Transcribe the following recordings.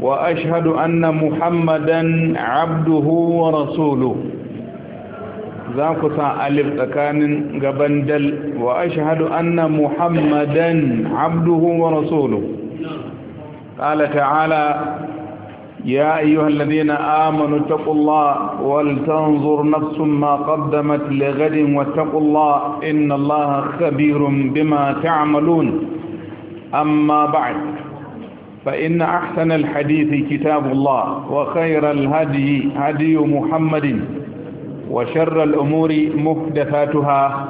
وأشهد أن محمدا عبده ورسوله ذاك ألف تكان قبندل وأشهد أن محمدا عبده ورسوله قال تعالى يا أيها الذين آمنوا اتقوا الله ولتنظر نفس ما قدمت لغد واتقوا الله إن الله خبير بما تعملون أما بعد فإن أحسن الحديث كتاب الله وخير الهدي هدي محمد وشر الأمور محدثاتها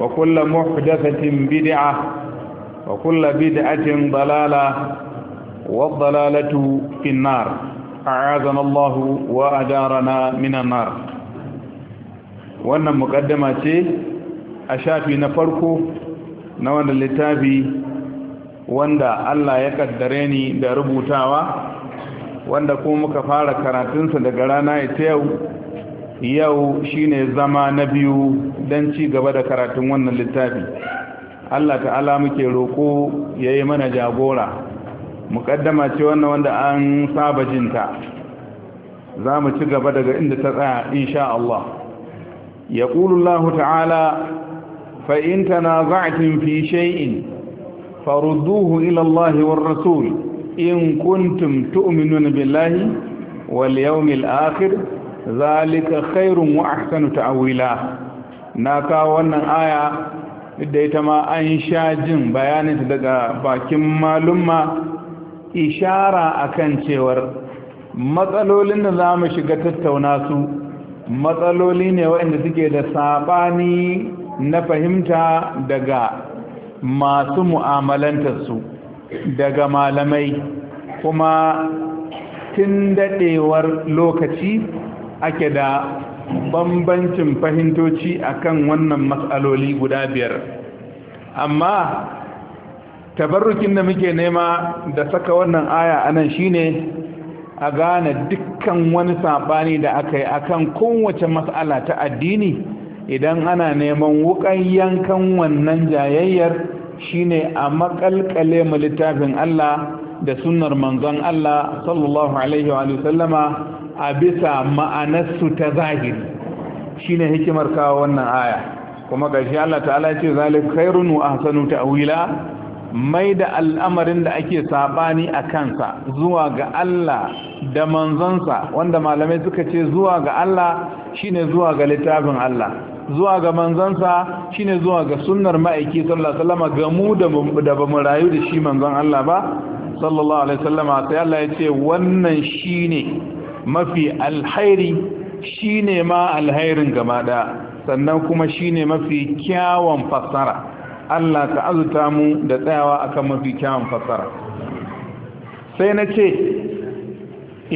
وكل محدثة بدعة وكل بدعة ضلالة والضلالة في النار أعاذنا الله وأدارنا من النار وأن مقدمة أشافي نفركو نوان لتابي wanda Allah ya kaddare ni da rubutawa wanda kuma muka fara karatunsa daga rana ita yau yau shine zama na biyu don ci gaba da karatun wannan littafi Allah ta'ala muke roko ya yi mana jagora muƙaddama ce wannan wanda an saba jinta za mu ci gaba daga inda ta tsaya insha Allah ya Allah ta'ala fa'in tana za'atin fi shay'in farudduhu ilallahi wa rasul in kuntum tu'minuna billahi wal yawmil akhir zalika khairun wa ahsanu ta'wila na kawo wannan aya da an sha jin bayanin daga bakin malumma ishara akan cewar matsalolin da zamu shiga tattauna su matsaloli ne waɗanda suke da saɓani na fahimta daga masu mu'amalantarsu daga malamai kuma tun daɗewar lokaci ake da bambancin fahimtoci akan wannan matsaloli guda biyar amma tabarrukin da muke nema da saka wannan aya anan shine a gane dukkan wani saɓani da aka yi akan kowace matsala ta addini idan ana neman wukan yankan wannan jayayyar shine a makalkale mu littafin Allah da sunnar manzon Allah sallallahu alaihi wa sallama a bisa ma'anarsu ta zahiri shine hikimar kawo wannan aya kuma gashi Allah ta'ala ce zalik khairun wa ahsanu ta'wila mai da al'amarin da ake sabani a kansa zuwa ga Allah da manzonsa wanda malamai suka ce zuwa ga Allah shine zuwa ga littafin Allah zuwa ga manzansa shine zuwa ga sunnar ma'aiki sallallahu alaihi ga mu da ba mu rayu da shi manzon Allah ba sallallahu alaihi wasallam sai Allah ya ce wannan shine mafi alhairi shine ma alhairin gaba da sannan kuma shine mafi kyawun fassara Allah ta azuta mu da tsayawa akan mafi kyawun fassara sai na ce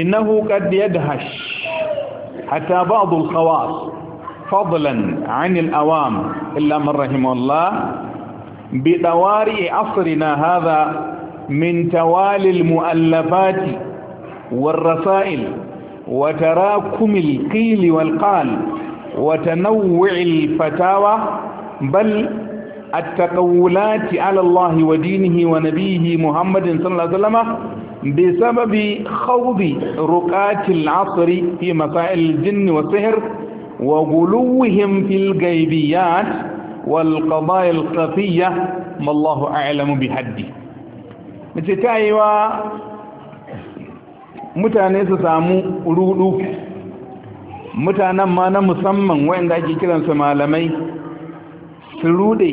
innahu qad yadhash hatta ba'd al-khawas فضلا عن الأوام إلا من رحمه الله بطوارئ عصرنا هذا من توالي المؤلفات والرسائل وتراكم القيل والقال وتنوع الفتاوى بل التقولات على الله ودينه ونبيه محمد صلى الله عليه وسلم بسبب خوض رقاة العصر في مسائل الجن والسحر وغلوهم في الغيبيات والقضايا الخفية ما الله أعلم بحده متتايوا mutane su samu rudu mutanen ma na musamman wayanda ake su malamai su rude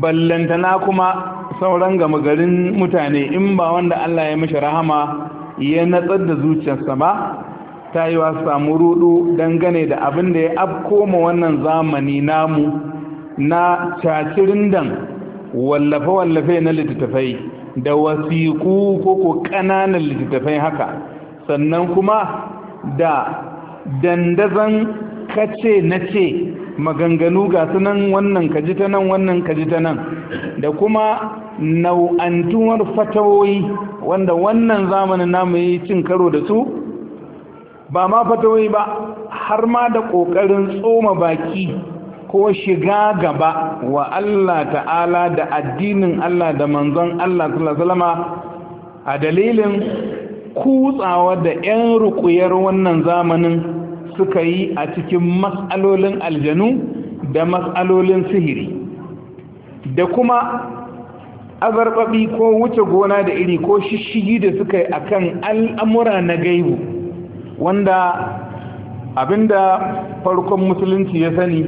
ballantana kuma sauran gama garin mutane in ba wanda Allah ya mashi rahama ya natsar da zuciyarsa ba ta yi wa samu rudu dangane da abin da ya ma wannan zamani namu na cacirindan wallafe-wallafe na littattafai da wasiku ko ko ƙananan littattafai haka sannan kuma da dandazan kace na ce maganganu ga sunan wannan kaji ta nan wannan kaji ta nan da kuma nau'antuwar fatawoyi wanda wannan zamanin namu yi cin karo da su ba ma fatawai ba har ma da ƙoƙarin tsoma baki ko shiga gaba wa Allah ta'ala da addinin Allah da manzon Allah sallama a dalilin kutsawa da 'yan rukuyar wannan zamanin suka yi a cikin mas'alolin aljanu da mas'alolin sihiri da kuma azarbabi ko wuce gona da iri ko shishigi da suka yi a kan al'amura na gaibu wanda abinda farkon musulunci ya sani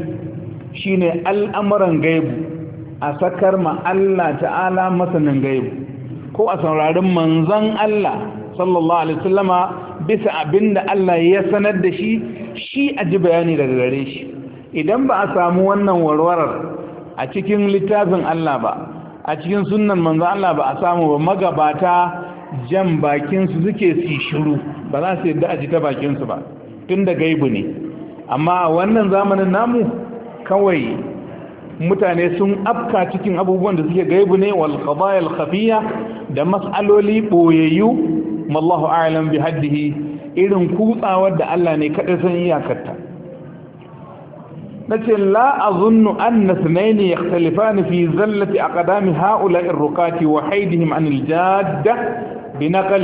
shine al'amuran gaibu a sakar ma Allah ta'ala masanin gaibu ko a saurarin manzon Allah sallallahu alaihi wasallama bisa abinda Allah ya sanar da shi shi a ji bayani daga gare shi idan ba a samu wannan warwarar a cikin littafin Allah ba a cikin sunnan manzon Allah ba a samu ba magabata jan bakin su suke su shiru ba za su yadda a ji ta bakinsu ba tun da gaibu ne amma wannan zamanin namu kawai mutane sun afka cikin abubuwan da suke gaibu ne wal qadayal da mas'aloli boyayyu mallahu a'lam bi haddihi irin kutsawar da Allah ne kada san iyakarta ce la azunnu anna thnayn yakhtalifan fi zallati aqdami ha'ula'i ar rukati wa haydihim 'an iljada jadda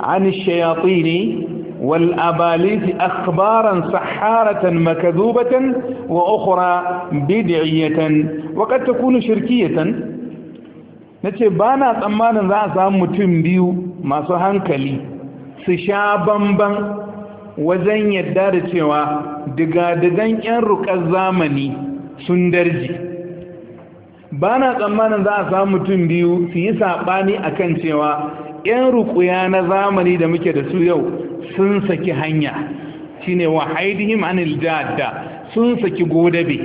عن الشياطين والأباليث أخبارا سحارة مكذوبة وأخرى بدعية وقد تكون شركية نتي بانا تمانا ذا سام متم بيو ما سهان كلي سشابا بان وزن يدار سوا دقا دقان ينرك الزامني سندرجي بانا tsammanin za a samu mutum biyu su yi saɓani a kan cewa yan rukuya na zamani da muke da su yau sun saki hanya shine wa haidihim anil jadda sun saki godabe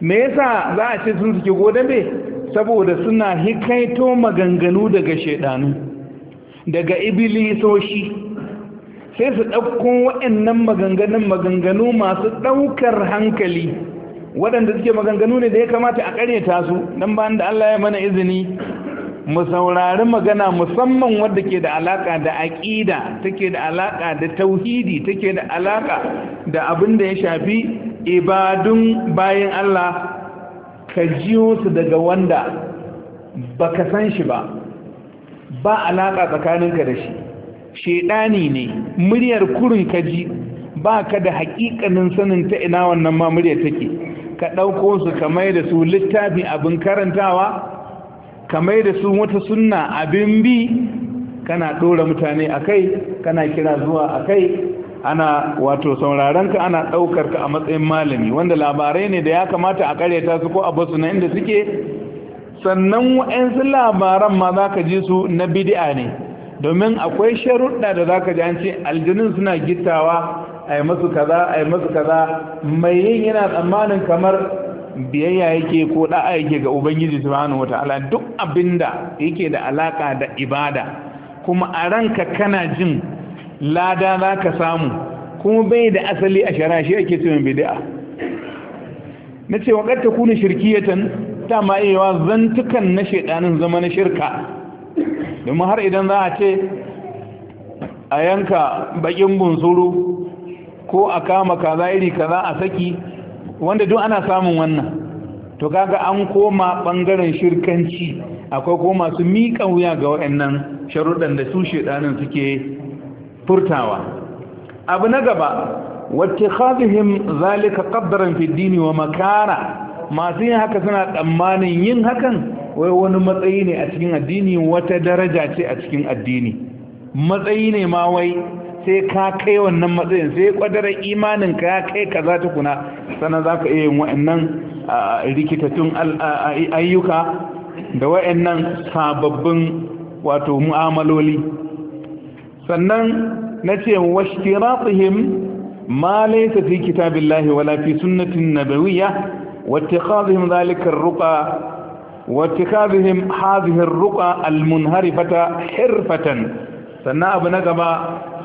me yasa za a ce sun saki godabe saboda suna hikaito maganganu daga shedanu daga ibilisoshi sai su ɗauko waɗannan maganganun maganganu masu ɗaukar hankali waɗanda suke maganganu ne da ya kamata a ƙaryata su don bayan da Allah ya mana izini mu saurari magana musamman wadda ke da alaka da aƙida take da alaka da tauhidi take da alaka da abin da ya shafi ibadun bayan Allah ka jiyo su daga wanda baka san shi ba ba alaka tsakaninka da shi shedani ne muryar kurin kaji ba ka da haƙiƙanin sanin ta ina wannan ma muryar take ka ɗauko su ka mai da su littafi abin karantawa kamar da su wata sunna abin bi kana ɗora mutane a kai kana kira zuwa a kai ana wato saurarenka ana ɗaukar ka a matsayin malami wanda labarai ne da ya kamata a karyata su ko a basu na inda suke sannan wa'yansu labaran ma za ka ji su na bidi'a ne domin akwai sharuɗa da za ka ji an aljinin suna gittawa a yi masu kaza a yi masu kaza mai yin yana tsammanin kamar biyayya yake ko da'a yake ga ubangiji subhanahu wataala duk abinda yake da alaka da ibada kuma a ranka kana jin lada za ka samu kuma bai da asali a shara shi ake cewa bid'a na ce waƙar ta kuna shirkiyatan ta ma'ewa zantukan na shaidanin zama na shirka domin har idan za a ce a yanka bakin bunsuru ko a kama kaza iri kaza a saki wanda duk ana samun wannan to kaga an koma bangaren shirkanci akwai ko masu miƙa wuya ga waɗannan sharuɗan da su shedanin suke furtawa abu na gaba wattikhadhihim zalika qadran fi dini wa makana masu yin haka suna tsammanin yin hakan wai wani matsayi ne a cikin addini wata daraja ce a cikin addini matsayi ne ma wai sai ka kai wannan matsayin sai kwadarar imanin ka ya kai kaza tukuna sannan za ka iya yin wa'annan rikitattun ayyuka da wa'annan sababbin wato mu'amaloli sannan na ce washtiratihim ma laysa fi kitabillahi wala fi sunnatin nabawiyya واتخاذهم ذلك الرقى واتخاذهم هذه الرقى hirfatan sannan abu na gaba.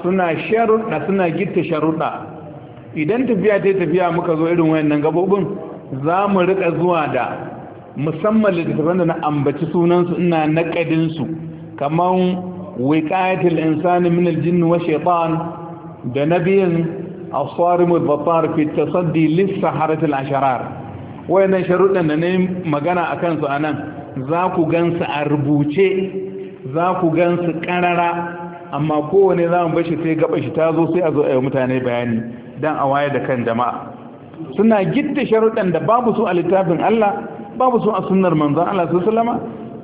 suna sharuɗa suna gitta sharuɗa idan tafiya ta tafiya muka zo irin wayannan gabobin za mu rika zuwa da musamman littattafan da na ambaci sunansu ina ƙadinsu kamar wiƙayatul insani min aljin wa shaitan da nabiyin a al-battar babbar fita lis lissa asharar wayannan sharuɗan da na yi magana kansu a anan za ku gansu a rubuce za ku gansu ƙarara amma kowane zamu mu bashi sai gaba shi ta zo sai a zo a yi mutane bayani don a waye da kan jama'a suna gidda sharuɗan da babu su a littafin Allah babu su a sunnar manzon Allah su salama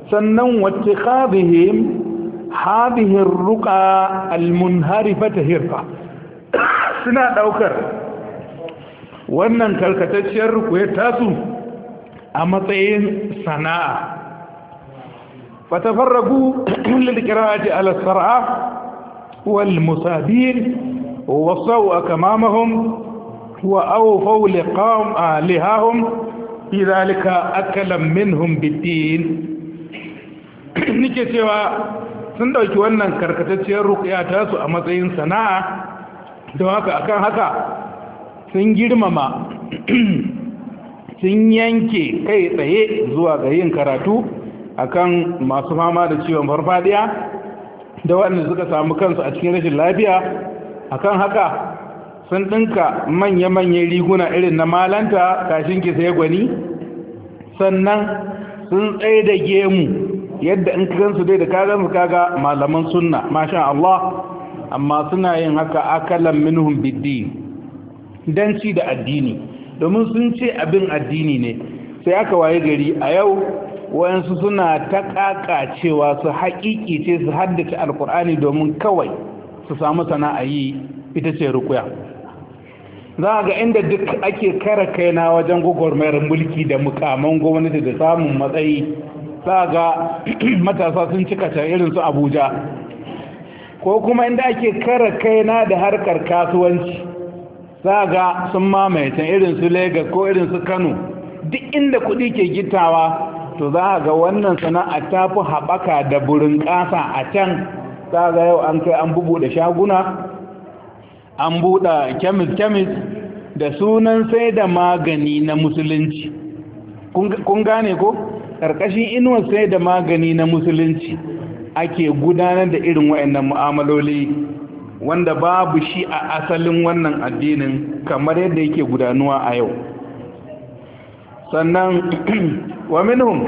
sannan wata ƙadihim hadihin ruƙa almunharifa ta hirfa suna ɗaukar wannan karkatacciyar rukuya tasu a matsayin sana'a fatafarragu lil qira'ati ala sar'a والمسابين وصوا أكمامهم وأوفوا لقام لهاهم في ذلك أكلا منهم بالدين nike cewa sun ɗauki wannan karkatacciyar rukiya tasu a matsayin sana'a don haka akan haka sun girmama sun yanke kai tsaye zuwa ga yin karatu akan masu fama da ciwon farfadiya da waɗanda suka samu kansu a cikin rashin lafiya a kan haka sun ɗinka manya-manyan riguna irin na malanta kashin ki sai gwani sannan sun tsaye da gemu yadda in gansu dai da kagansu kaga malaman sunna masha Allah amma suna yin haka akalan minhum biddi don ci da addini domin sun ce abin addini ne sai aka waye gari a yau wayansu suna ta cewa su haƙiƙi ce su haddace alkur'ani domin kawai su samu sana'a yi ita ce rukuya za ga inda duk ake kara kaina wajen gwagwarmayar mulki da mukamman gwamnati da samun matsayi za ga matasa sun cika ta irin su abuja ko kuma inda ake kara kaina da harkar kasuwanci za ga sun mamaye ta irin su lagos ko irin su kano duk inda kuɗi ke gitawa to za a ga wannan sana'a ta fi haɓaka da burin ƙasa a can ta ga yau an kai an bubuɗe shaguna an buɗe kemis-kemis da sunan sai da magani na musulunci kun gane ko ƙarƙashin inuwar sai da magani na musulunci ake gudanar da irin waɗannan mu'amaloli wanda babu shi a asalin wannan addinin kamar yadda yake gudanuwa a yau sannan wa minhum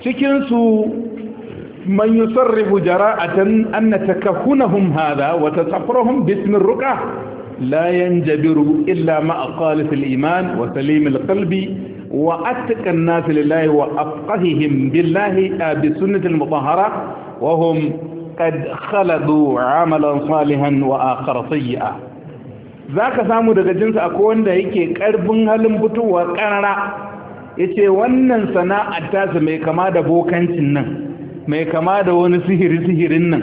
cikinsu su man yusarrifu jara'atan an natakahunhum hadha wa tasaffaruhum bismi ruqa la yanjabiru illa ma aqalat al-iman wa salim al-qalbi wa attaqa an-nas lillahi wa afqahihim billahi ah, bi sunnati al wa hum qad khaladu 'amalan salihan wa akhar sayyi'a zaka samu daga jinsa akwai wanda yake karbin halin butuwa karara Ya ce wannan sana'ar tasa mai kama da bokancin nan mai kama da wani sihiri sihirin nan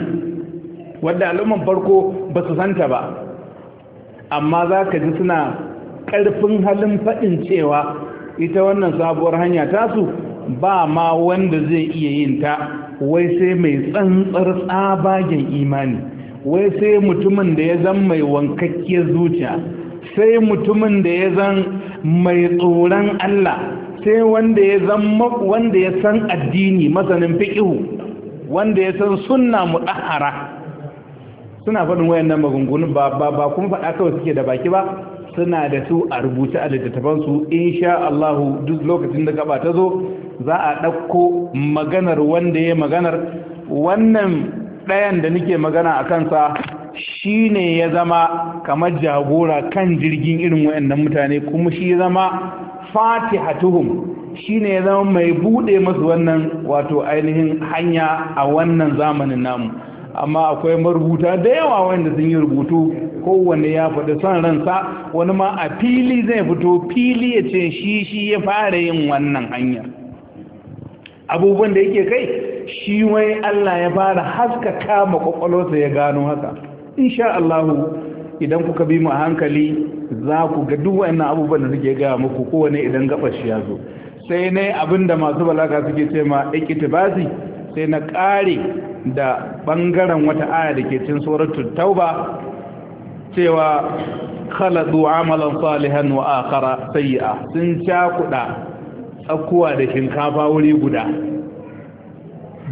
wadda al'umman farko ba su santa ba amma za ka ji suna ƙarfin halin faɗin cewa ita wannan sabuwar hanya tasu ba ma wanda zai iya yin ta wai sai mai tsantsar tsabagen imani wai sai mutumin da ya zan mai wankakkiyar zuciya sai mutumin da ya zan mai tsoron Allah sai wanda ya zama wanda ya san addini masanin fi'ihu wanda ya san sunna mudahara suna faɗin wayannan magungunan ba ba ba kuma faɗa kawai suke da baki ba suna da su a rubuce a littattafan su insha Allah duk lokacin da gaba ta zo za a ɗauko maganar wanda ya maganar wannan ɗayan da nake magana a kansa shi ne ya zama kamar jagora kan jirgin irin wayannan mutane kuma shi ya zama fatihatuhum shine ya zama mai bude masu wannan wato ainihin hanya a wannan zamanin namu amma akwai marubuta da yawa wanda sun yi rubutu kowanne ya faɗi son ransa wani ma a fili zai fito fili ya ce shi shi ya fara yin wannan hanyar abubuwan da yake kai shi wai Allah ya fara haskaka makwakwalwarsa ya gano haka insha Allahu idan kuka bi mu a hankali za ku ga duk wa'annan abubuwan da suke gaya muku kowane idan gabas ya zo sai ne abinda masu balaga suke ce ma su sai na kare da ɓangaren wata aya da ke cin tsoratun tauba cewa khaladu amalan salihan wa sai sayyi'a sun cakuda tsakuwa da shinkafa wuri guda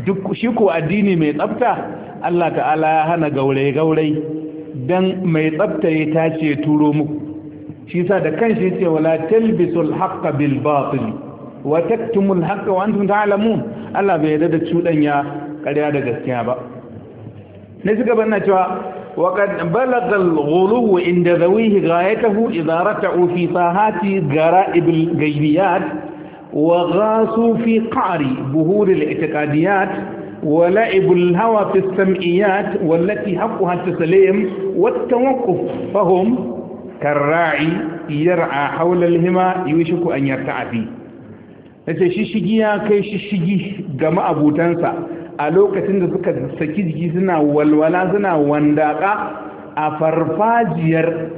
duk shi ko addini mai tsafta Allah ta'ala ya hana gaurai gaurai. idan mai ya ta ya turo muku shi sa da kanshi shi ce wala talbisul haqqa bil batil wa taktumul haqqa wa antum ta'lamun Allah bai yarda da cudanya ƙarya da gaskiya ba ne suka banna cewa wa qad balagha al inda zawihi ghayatuhu idha rata'u fi sahati gara'ib al ghaybiyat wa ghasu fi qa'ri buhur al ولعب الهوى في السمعيات والتي حقها التسليم والتوقف a كالراعي يرعى حول الهما يوشك أن يرتع فيه nace shishigi ya kai shishigi ga ma'abutansa a lokacin da suka saki jiki suna walwala suna wandaƙa. a farfajiyar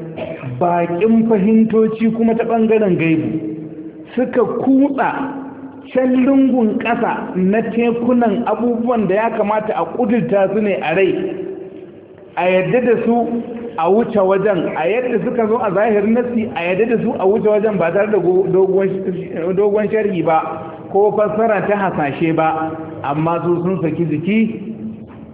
baƙin fahimtoci kuma ta ɓangaren gaibu suka kutsa can lungun ƙasa na tekunan abubuwan da ya kamata a ƙudurta su ne a rai a yadda da su a wuce wajen a yadda suka zo a zahirin nasi a yadda da su a wuce wajen ba tare da dogon shari'i ba ko fassara ta hasashe ba amma su sun saki jiki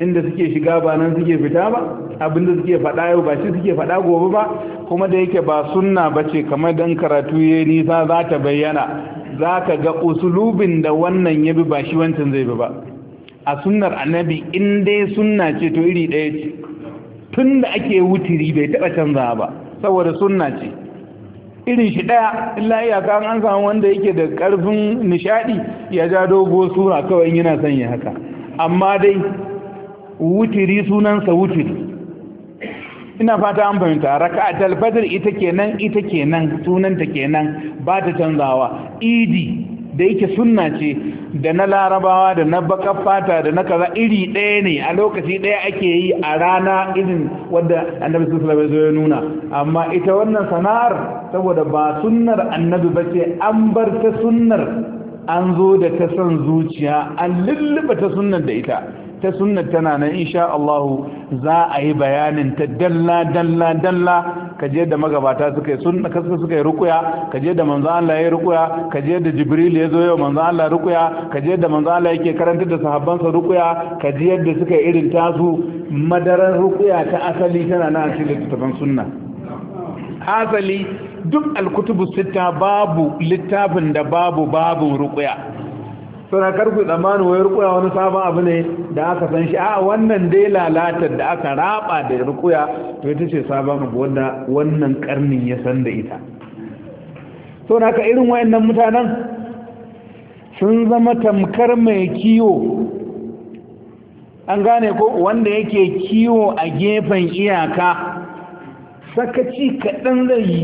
inda suke shiga ba nan suke fita ba abinda suke faɗa yau ba shi suke faɗa gobe ba kuma da yake ba sunna ba ce kamar dan karatu ya nisa za ta bayyana za ka ga usulubin da wannan ya bi ba shi wancan zai bi ba a sunnar annabi in dai sunna ce to iri ɗaya ce tun da ake wuturi bai taɓa canza ba saboda sunna ce irin shi ɗaya illa iyaka an samu wanda yake da ƙarfin nishaɗi ya ja dogo sura kawai yana son ya haka amma dai wuturi sunansa wuturi. ina fata an fahimta a fajr ita kenan ita kenan sunanta kenan ba ta canzawa idi da yake sunna ce da na larabawa da na bakar fata da na kaza iri ɗaya ne a lokaci ɗaya ake yi a rana irin wadda annabi sallallahu alaihi ya nuna amma ita wannan sana'ar saboda ba sunnar annabi ba ce an bar ta sunnar an zo da ta san zuciya an lulluɓa ta sunnar da ita ta sunna tana nan insha Allah za a yi bayanin ta dalla dalla dalla kaje da magabata suka yi sunna kaska suka yi rukuya kaje da manzo Allah ya yi rukuya kaje da Jibril ya zo ya manzo Allah rukuya kaje da manzo Allah yake karanta da sahabbansa rukuya kaje yadda suka yi irin tasu madaran rukuya ta asali tana nan a cikin littafin sunna asali duk alkutubu sita babu littafin da babu babu rukuya suna karfi tsammanin wayar rukuya wani sabon abu ne da aka san shi a wannan dai lalatar da aka raba da rukuya to ita ce sabon abu wanda wannan karnin ya san da ita so na ka irin wayannan mutanen sun zama tamkar mai kiwo an gane ko wanda yake kiwo a gefen iyaka sakaci kaɗan zai yi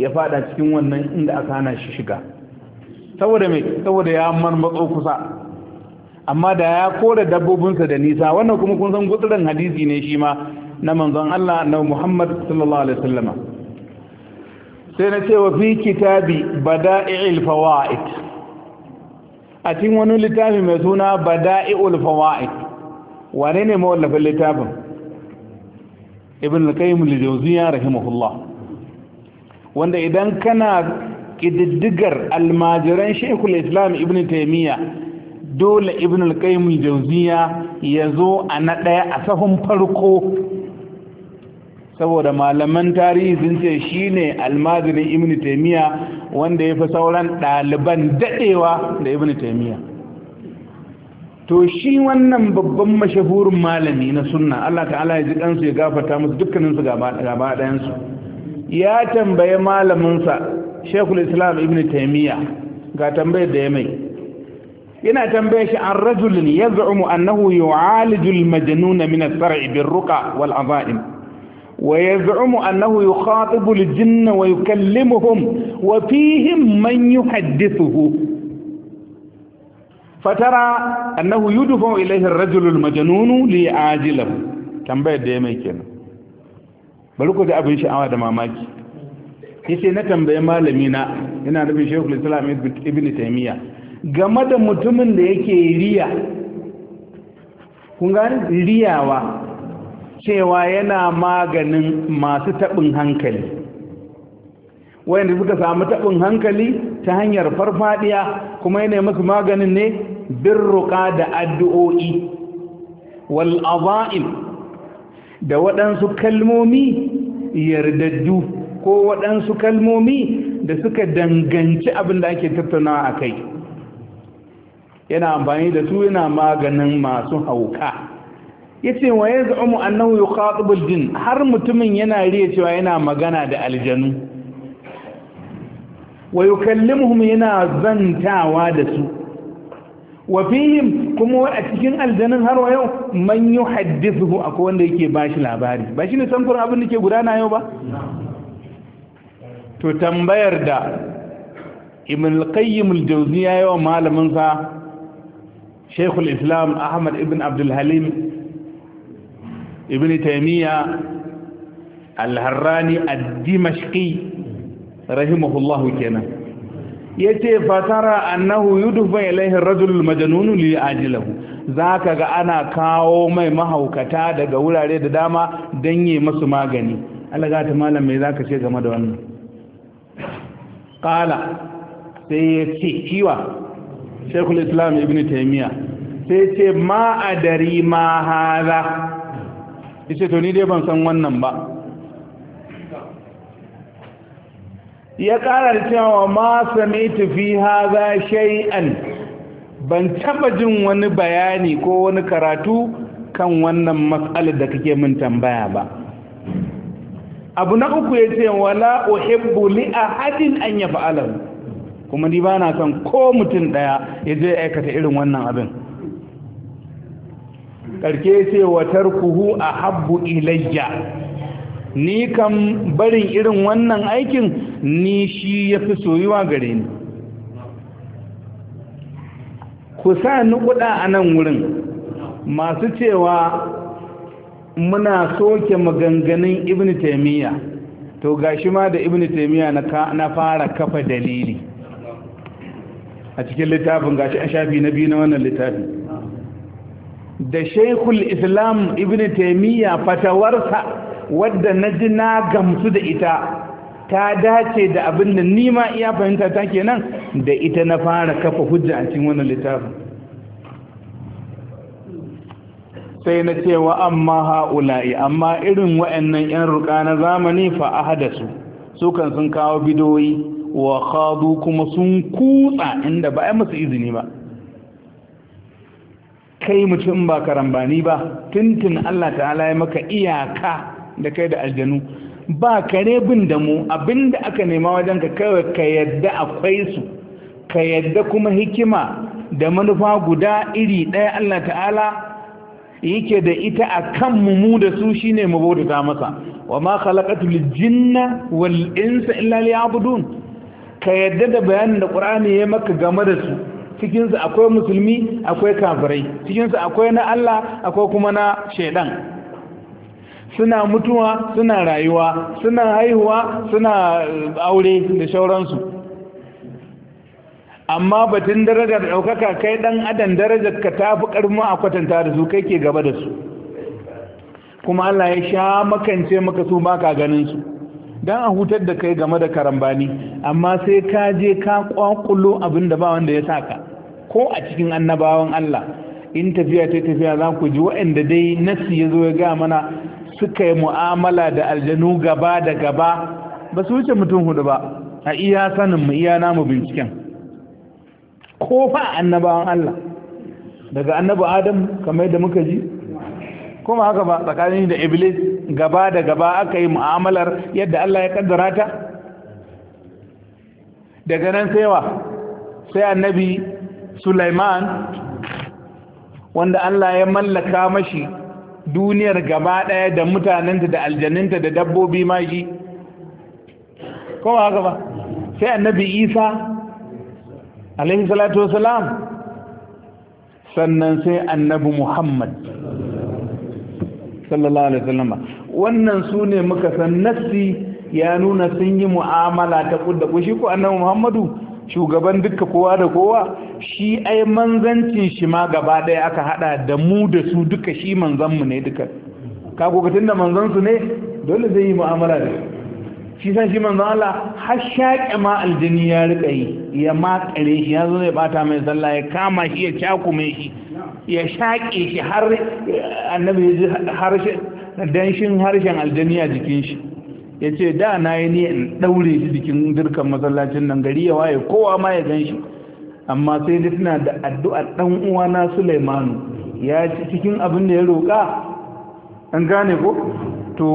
ya fada cikin wannan inda aka hana shi shiga saboda mai saboda ya marmatso kusa amma da ya kore dabbobinsa da nisa wannan kuma kun san gutsurin hadisi ne shi ma na manzon Allah na Muhammad sallallahu alaihi wasallama sai na ce wa fi kitabi bada'i'il fawaid a cikin wani littafi mai suna bada'i'ul fawaid wane ne mawallafin littafin ibn al-qayyim al-jawziyya rahimahullah wanda idan kana Kididdigar almajiran shekul islam ibn taimiyya dole ibn alƙaimu jauziya ya zo a na ɗaya a sahun farko saboda malaman tarihi sun ce shi ne almajirin ibn taimiyya wanda ya fi sauran ɗaliban daɗewa da ibn taimiyya to shi wannan babban mashahurin malami na sunna allah ta'ala ya ji kansu ya gafata musu gaba ɗayansu ya tambaye malaminsa shekul islam ibn taimiyya ga tambayar da ya mai yana tambaye shi an rajulun ya za'umu annahu yu'alijul majnuna min as-sar'i bir ruqa wal azaim wa yaz'umu annahu yukhatibu al-jinna wa yukallimuhum wa fihim man yuhaddithuhu fatara annahu yudfa ilayhi ar-rajulu al-majnun li'ajilahu tambayar da ya mai kenan bari ku ji abin sha'awa da mamaki yace na tambayi malami na ina nufin shekul islam ibn taimiyya game da mutumin da yake riya kun gani riyawa cewa yana maganin masu taɓin hankali wayanda suka samu taɓin hankali ta hanyar farfadiya kuma yana masu maganin ne birruka da addu'o'i wal aba'il da waɗansu kalmomi yardaddu ko waɗansu kalmomi da suka danganci abin da ake tattaunawa a kai yana amfani da su yana maganin masu hauka ya ce wa ya za'umu annahu ya khatubul jin har mutumin yana riya cewa yana magana da aljanu wa yukallimuhum yana zantawa da su wa fihim kuma a cikin aljanin har wa yau man yuhaddithu akwai wanda yake bashi labari ba ne samfurin abin da ke gudana yau ba to tambayar da ibn al-qayyim al-jawziya wa malamin sa al islam ahmad ibn al halim ibn taymiya al-harrani ad-dimashqi rahimahullahu kenan yace fatara annahu yudfa ilayhi ar-rajul al-majnun li'ajlihi zaka ga ana kawo mai mahaukata daga wurare da dama don yi masu magani alaga ta malam mai zaka ka ce game da wannan kala sai ya ce kiwa shekul islam ibn taimiyya sai ce ma a dari ma haza ishe to ni dai ban san wannan ba ya da cewa ma sami tafi haza shay'an ban taba jin wani bayani ko wani karatu kan wannan matsalar da kake min tambaya ba abu na uku ya ce wala uhibbu li ahadin an yaf'alahu kuma ni bana son ko mutum ɗaya ya je aikata irin wannan abin karke ce wa tarkuhu ahabbu ilayya ni kan barin irin wannan aikin ni shi ya yafi soyuwa gare ni ku sa ni kuɗa a nan wurin masu cewa muna soke maganganun ibn taimiyya to gashi ma da ibn taimiyya na fara kafa dalili a cikin littafin gashi a shafi na biyu na wannan littafi da shekul islam ibn taimiyya fatawarsa wadda na ji na gamsu da ita ta dace da abin da nima iya fahimta ta kenan da ita na fara kafa hujja a cikin wannan littafin sai na cewa amma ha'ula'i amma irin wa'annan 'yan ruka na zamani su su kan sun kawo bidoyi wa khadu kuma sun kutsa inda ba a musu izini ba kai mutum ba karambani ba tuntun Allah ta'ala ya maka iyaka da kai da aljanu ba kare bin da mu abinda aka nema wajen ka kawai ka yadda akwai su ka yadda kuma hikima da manufa guda iri ɗaya Allah ta'ala yake da ita a kan mu da su shine mu bauta masa wa ma khalaqatul jinna wal insa illa liya'budun ka yadda da bayanin da qur'ani ya maka game da su cikin su akwai musulmi akwai kafirai cikin su akwai na Allah akwai kuma na shaidan suna mutuwa suna rayuwa suna haihuwa suna eh, aure da sauransu amma batun darajar ɗaukaka kai ɗan adam darajar ka ta fi ƙarfi a kwatanta da su kai ke gaba da su kuma Allah ya sha makance maka su ba ka ganin su don a hutar da kai game da karambani amma sai ka je ka kwakulo abin da ba wanda ya sa ka ko a cikin annabawan Allah in tafiya ta tafiya za ku ji waɗanda dai nasi ya zo ya ga mana suka yi mu'amala da aljanu gaba da gaba ba su wuce mutum hudu ba a iya sanin mu iya namu binciken ko fa annabawan Allah daga annabi Adam kamar da muka ji kuma haka ba tsakanin da Iblis gaba da gaba aka yi mu'amalar yadda Allah ya kaddara ta daga nan saiwa sai annabi Sulaiman wanda Allah ya mallaka mashi duniyar gaba ɗaya da mutanenta da aljaninta da dabbobi ma shi haka ba sai annabi isa alaihi salatu wasalam sannan sai annabi muhammad sallallahu alaihi wasallam wannan su ne muka san nassi ya nuna sun yi mu'amala ta kudda kushi ko annabi muhammadu shugaban duka kowa da kowa shi ai manzancin shi ma gaba ɗaya aka hada da mu da su duka shi manzanmu ne duka kago batun da manzansu ne dole zai yi mu'amala da su shi san shi manzo Allah har shaƙe ma aljini ya riƙa yi ya makare shi ya zo zai bata mai sallah ya kama shi ya cakume shi ya shaƙe shi har annabi ya ji harshen danshin harshen aljini a jikin shi ya ce da na yi ni in ɗaure shi jikin dukkan masallacin nan gari ya waye kowa ma ya gan shi amma sai dai tana da addu'a ɗan uwana Sulaimanu ya ci cikin abin da ya roƙa an gane ko to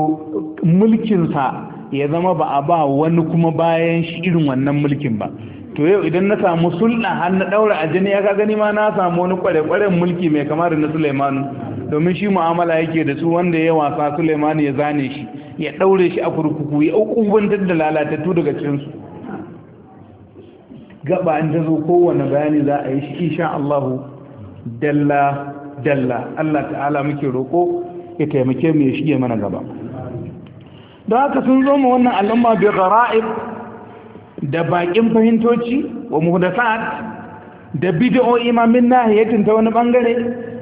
mulkinsa ya zama ba a ba wani kuma bayan shi irin wannan mulkin ba to yau idan na samu sulna har na daura a jini ya ka gani ma na samu wani kware-kwaren mulki mai kama da na Suleiman domin shi mu'amala yake da su wanda ya wasa Suleiman ya zane shi ya daure shi a kurkuku ya ukubantar da lalatattu daga cikin su gaba an zo kowane bayani za a yi shi insha Allah dalla dalla Allah ta'ala muke roko ya taimake mu ya shige mana gaba Da haka sun zo mu wannan al'umma bi gara'ib da bakin fahimtoci wa muhdasat da bid'o'i ma min nahiyatin ta wani bangare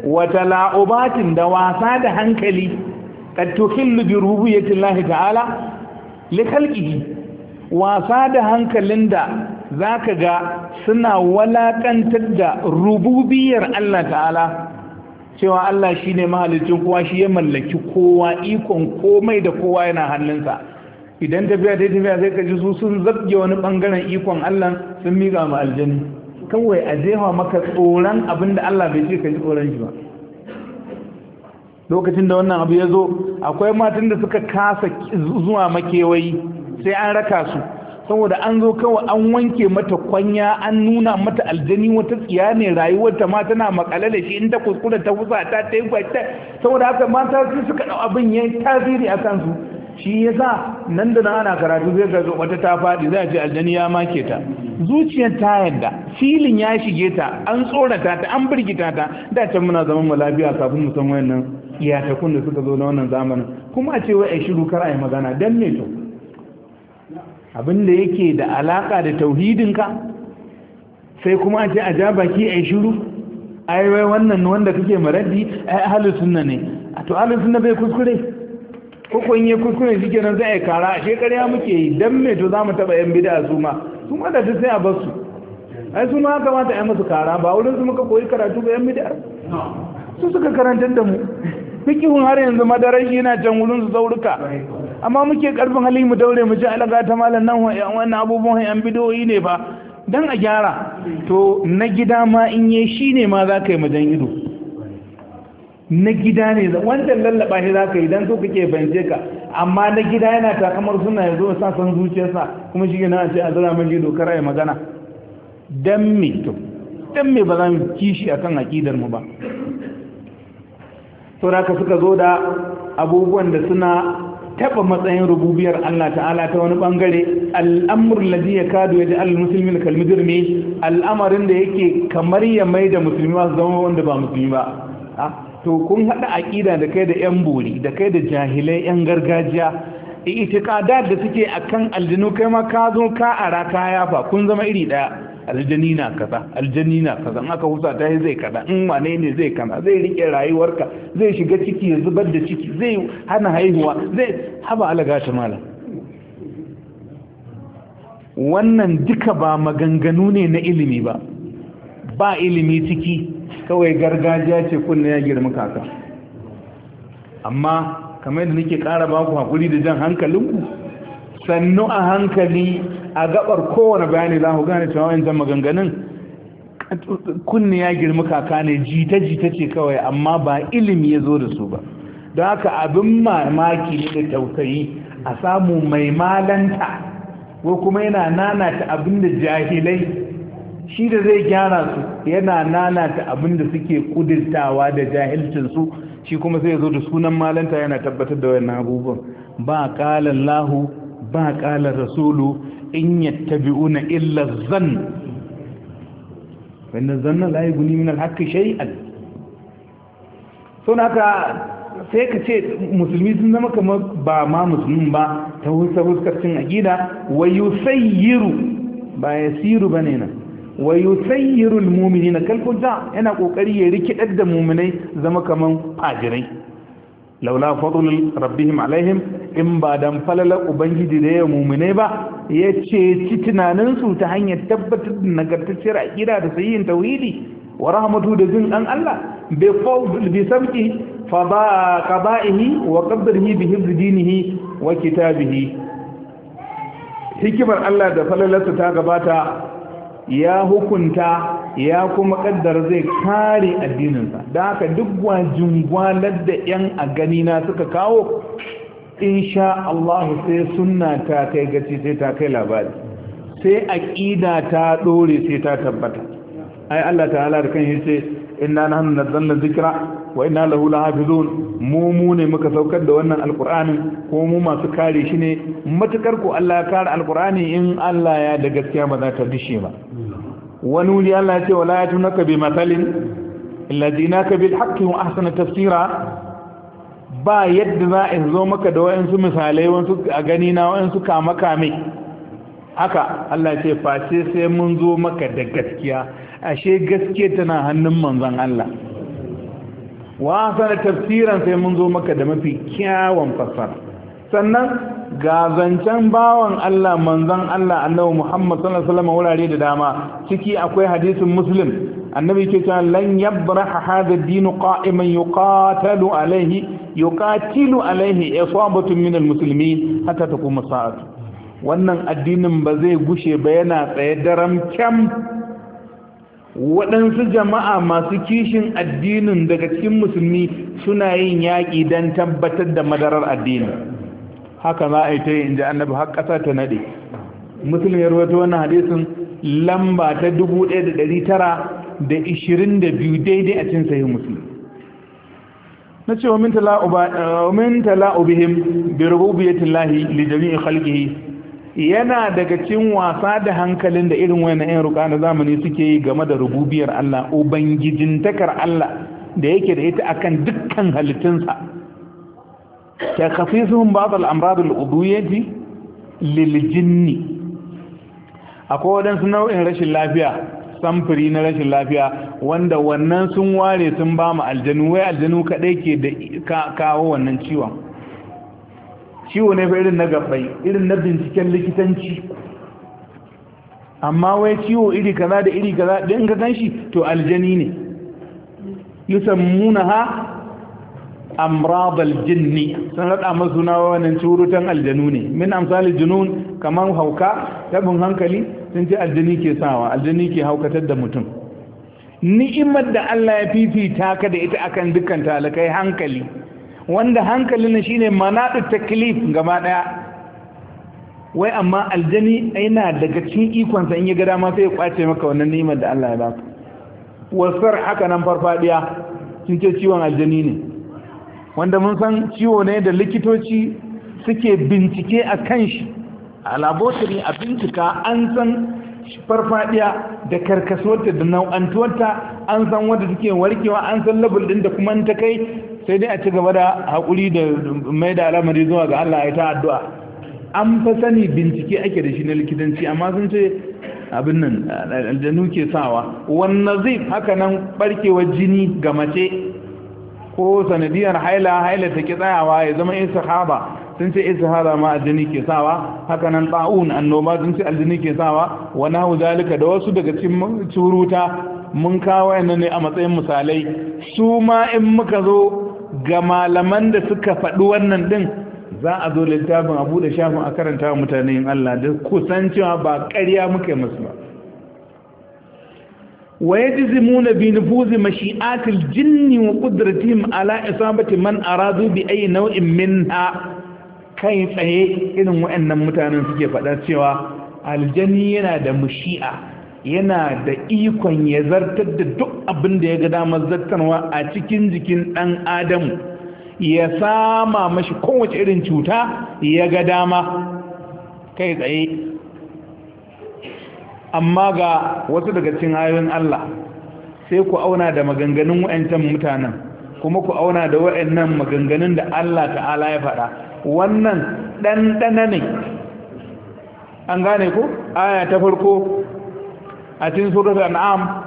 wa tala'ubatin da wasa da hankali kad tukhillu bi rububiyyati Allah ta'ala li khalqihi wasa da hankalin da zaka ga suna walakantar da rububiyar Allah ta'ala cewa Allah shi ne mahalicin kowa shi ya mallaki kowa ikon komai da kowa yana hannunsa idan tafiya ta tafiya zai kaji su sun zabge wani bangaren ikon Allah sun miƙa ma aljani kawai a jefa maka tsoron abin da Allah bai ce ka ji tsoron shi ba lokacin da wannan abu ya zo akwai matan da suka kasa zuwa makewayi sai an raka su saboda an zo kawai an wanke mata kwanya an nuna mata aljani wata tsiya ne rayuwarta ma tana makale da shi in ta kuskura ta fusa ta ta yi ta saboda haka mata su suka dau abin yayi tasiri a kansu shi yasa nan da nan ana karatu zai ga wata ta faɗi zai ce aljani ya make ta zuciyar ta yadda filin ya shige ta an tsorata ta an birgita ta da can muna zaman mu lafiya kafin mu san wayannan iyatakun da suka zo na wannan zamanin kuma a ce wai ai shiru kar a yi magana dan me to Abin da yake da alaka da tauhidinka sai kuma a ce a ja baki a yi shiru ai wai wannan wanda kake maraddi ai ahlus sunna ne a to ahlus sunna bai kuskure ko kun yi kuskure shike nan zai kara a ya muke yi dan me to zamu taba yan bid'a su ma su ma da sai a bar su ai su ma kamata ai musu kara ba wurin su muka koyi karatu ba yan bid'a su suka karantar da mu fikihun har yanzu madarashi yana can wurin su zauruka amma muke karfin hali mu daure mu ji alaga ta malam nan wannan abubuwan yan bidoyi ne ba dan a gyara to na gida ma in yi shi ne ma za ka yi majan ido na gida ne wanda lallaba ne za ka yi dan so kake banje ka amma na gida yana kamar suna ya zo sa san zuciyarsa kuma shi na ce a zira mai doka ya magana dan me to dan me ba za mu kishi akan aqidar mu ba ka suka zo da abubuwan da suna taba matsayin rububiyar Allah ta'ala ta wani bangare al'amur ladhi yakadu yaj'al al-muslimin kal mujrimi al'amarin da yake kamar ya mai da musulmi ba zama wanda ba musulmi ba to kun haɗa aƙida da kai da yan bori da kai da jahilai yan gargajiya itiqadat da suke akan aljinu kai ma ka zo ka ara ka yafa kun zama iri ɗaya. aljani na kaza aljani na kaza in aka husa ta zai kaza in wane ne zai kana zai rike rayuwarka zai shiga ciki ya zubar da ciki zai hana haihuwa zai haba alaga ta malam wannan duka ba maganganu ne na ilimi ba ba ilimi ciki kawai gargajiya ce kunna ya girma kaka amma kamar yadda nake ƙara baku hakuri da jan hankalinku sannu a hankali a gabar kowane bayani za ku gane cewa yanzu maganganun kunne ya girma kaka ne jita-jita ce kawai amma ba ilimi ya zo da su ba don haka abin mamaki ne da tausayi a samu mai malanta ko kuma yana nanata abin da jahilai shi da zai gyara su yana nanata abin da suke kudirtawa da jahilcinsu shi kuma sai ya zo da sunan malanta yana tabbatar da wayannan abubuwan ba kalan lahu ba ƙalar rasulu in yattabi'una illa zan wanda zanna la yi guni min alhaƙi shay'an sun haka sai ka ce musulmi sun zama kamar ba ma musulmin ba ta husa huskacin aƙida wa yusayyiru ba ya siru ba ne nan wa yusayyiru almumini na kalkunta yana ƙoƙari ya rikidar da muminai zama kamar fajirai laula fadlul rabbihim alaihim in ba dan falalar ubangiji da ya mumune ba ya ce ci tunaninsu ta hanyar tabbatar da nagartacciyar aƙida da sayin tauhidi wa rahmatu da jin dan Allah bi ba qada'ihi wa qadrihi bi hibd dinihi wa kitabihi hikimar Allah da falalarsa ta gabata ya hukunta ya kuma kaddar zai kare addininsa da haka duk wajin gwalar da 'yan a ganina suka kawo In sha Allah sai sunna ta kai gaci sai ta kai labari sai aqida ta ɗore sai ta tabbata ai Allah ta'ala da kan yace inna nahnu nazzalna zikira, wa inna lahu lahafizun mu mu ne muka saukar da wannan alqur'anin ko mu masu kare shi ne matukar ko Allah ya kare Alƙur'ani in Allah ya da gaskiya ba za ta dishe ba wani wuri Allah ya ce wala yatunaka bi mathalin alladhi naka bil haqqi wa ahsana tafsira ba yadda za in zo maka da wayansu misalai wasu a gani na wayansu kama kame haka Allah ce face sai mun zo maka da gaskiya ashe gaskiya tana hannun manzon Allah wa sana tafsiran sai mun zo maka da mafi kyawun fasara sannan ga zancen bawan Allah manzon Allah annabi Muhammad sallallahu alaihi wasallam wurare da dama ciki akwai hadisin muslim annabi ke cewa lan yabraha hadha ad-din qa'iman yuqatalu alaihi yuqatilu alaihi isabatu min almuslimin hatta taqum sa'at wannan addinin ba zai gushe ba yana tsaye daram kyam waɗansu jama'a masu kishin addinin daga cikin musulmi suna yin yaƙi don tabbatar da madarar addini haka za a yi ta yi inda annabi har ƙasa ta naɗe musulmi ya rubuta wannan hadisin lamba ta 1922 daidai a cin sahihin musulmi na ce wa min tala'ubihim bi rububiyyatin lahi li jami'i khalqihi yana daga cikin wasa da hankalin da irin wayannan yan ruka na zamani suke yi game da rububiyar Allah ubangijin takar Allah da yake da ita akan dukkan halittunsa ta khafisuhum ba'd al-amrad al-uduyyati lil jinni akwai wadansu nau'in rashin lafiya samfuri na rashin lafiya wanda wannan sun ware sun ba mu aljanu wai aljanu kadai ke da kawo wannan ciwon ciwo ne fa irin na gabbai irin na binciken likitanci amma wai ciwo iri kaza da iri kaza din ka ganshi to aljani ne yusammunaha amradal jinni sun rada masu nawa wannan curutan aljanu ne min amsalil junun kaman hauka tabun hankali sun ce aljani ke sawa aljani ke haukatar da mutum ni'imar da Allah ya fifita ka da ita akan dukkan talakai hankali wanda hankali na shine manadu taklif gaba daya wai amma aljani yana daga cikin ikon sa in ya gada ma sai ya kwace maka wannan ni'imar da Allah ya baka wasar haka nan farfadiya sun ce ciwon aljani ne wanda mun san ciwo ne da likitoci suke bincike a kan shi a a bincika an san farfadiya da karkasuwarta da nau'antuwarta an san wadda suke warkewa an san level din da kuma ta kai sai dai a ci gaba da haƙuri da mai da alamari zuwa ga Allah ya ta addu'a an fa sani bincike ake da shi na likitanci amma sun ce abin nan da nuke sawa wannan zai haka nan barkewar jini ga mace ko sanadiyar haila haila ta tsayawa ya zama isa sahaba sun ce hada ma aljini ke sawa haka nan ta'un annoba sun ce aljini ke sawa wa nahu zalika da wasu daga cikin curuta mun kawo yana ne a matsayin misalai su ma in muka zo ga malaman da suka faɗi wannan ɗin za a zo littafin a buɗe shafin a karanta wa mutane yin Allah da kusancewa ba ƙarya muka yi musu ba Wa ويجزمون بنفوذ مشيئات الجن وقدرتهم man إصابة من أرادوا بأي nau'in minna. kai tsaye irin wa'annan mutanen suke faɗa cewa aljani yana da mushi'a yana da ikon ya zartar da duk abin da ya ga damar zartarwa a cikin jikin ɗan adam ya sama mashi kowace irin cuta ya ga dama kai tsaye amma ga wasu daga cikin ayoyin Allah sai ku auna da maganganun wa'ancan mutanen kuma ku auna da wa'annan maganganun da Allah ta'ala ya faɗa wannan ɗanɗana ne an gane ko aya ta farko a cikin suratul an'am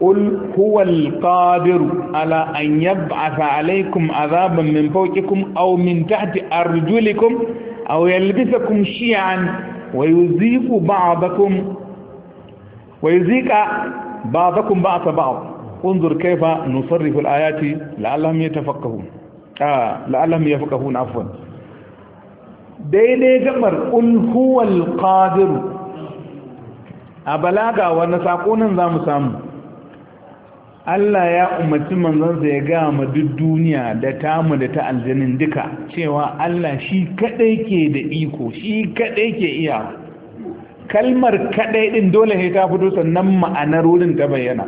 قل هو القادر على أن يبعث عليكم عذابا من فوقكم أو من تحت أرجلكم أو يلبسكم شيعا ويزيق بعضكم ويزيق بعضكم بعض بعض انظر كيف نصرف الآيات لعلهم يتفقهون a la'allam ya fuka hun afuwan. daidai gabar ulhuwal qadir a balaga wani sakonin za mu samu Allah ya umarci manzansa ya gama duk duniya da tamu da ta aljanin duka cewa Allah shi kadai ke da iko shi kadai ke iya kalmar kadai din dole sai ta fito sannan ma'anar wurin ta bayyana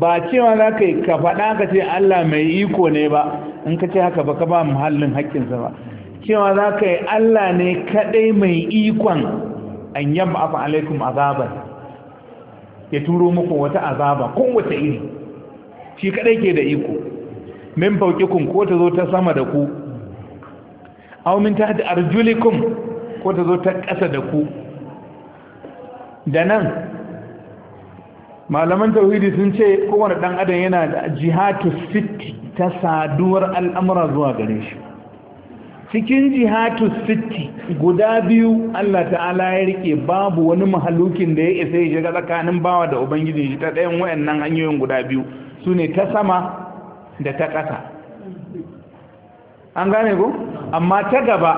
ba cewa za ka yi ka faɗa ka ce Allah mai iko ne ba in ka ce haka ba ka ba muhallin haƙƙinsa ba cewa za ka yi Allah ne kaɗai mai ikon an yamma afa alaikum azabar ya turo muku wata azaba wata iri shi kaɗai ke da iko min kun ko ta zo ta sama da ku aw min tahti arjulikum ko ta zo ta ƙasa da ku da nan malaman tauhidi sun ce kowane ɗan adam yana da jihatu sitti ta saduwar al'amura zuwa gare shi cikin jihatus sitti guda biyu Allah ta'ala ya rike babu wani mahalukin da ya isa ya shiga tsakanin bawa da ubangiji shi ta ɗayan wayannan hanyoyin guda biyu su ne ta sama da ta ƙasa an gane ko amma ta gaba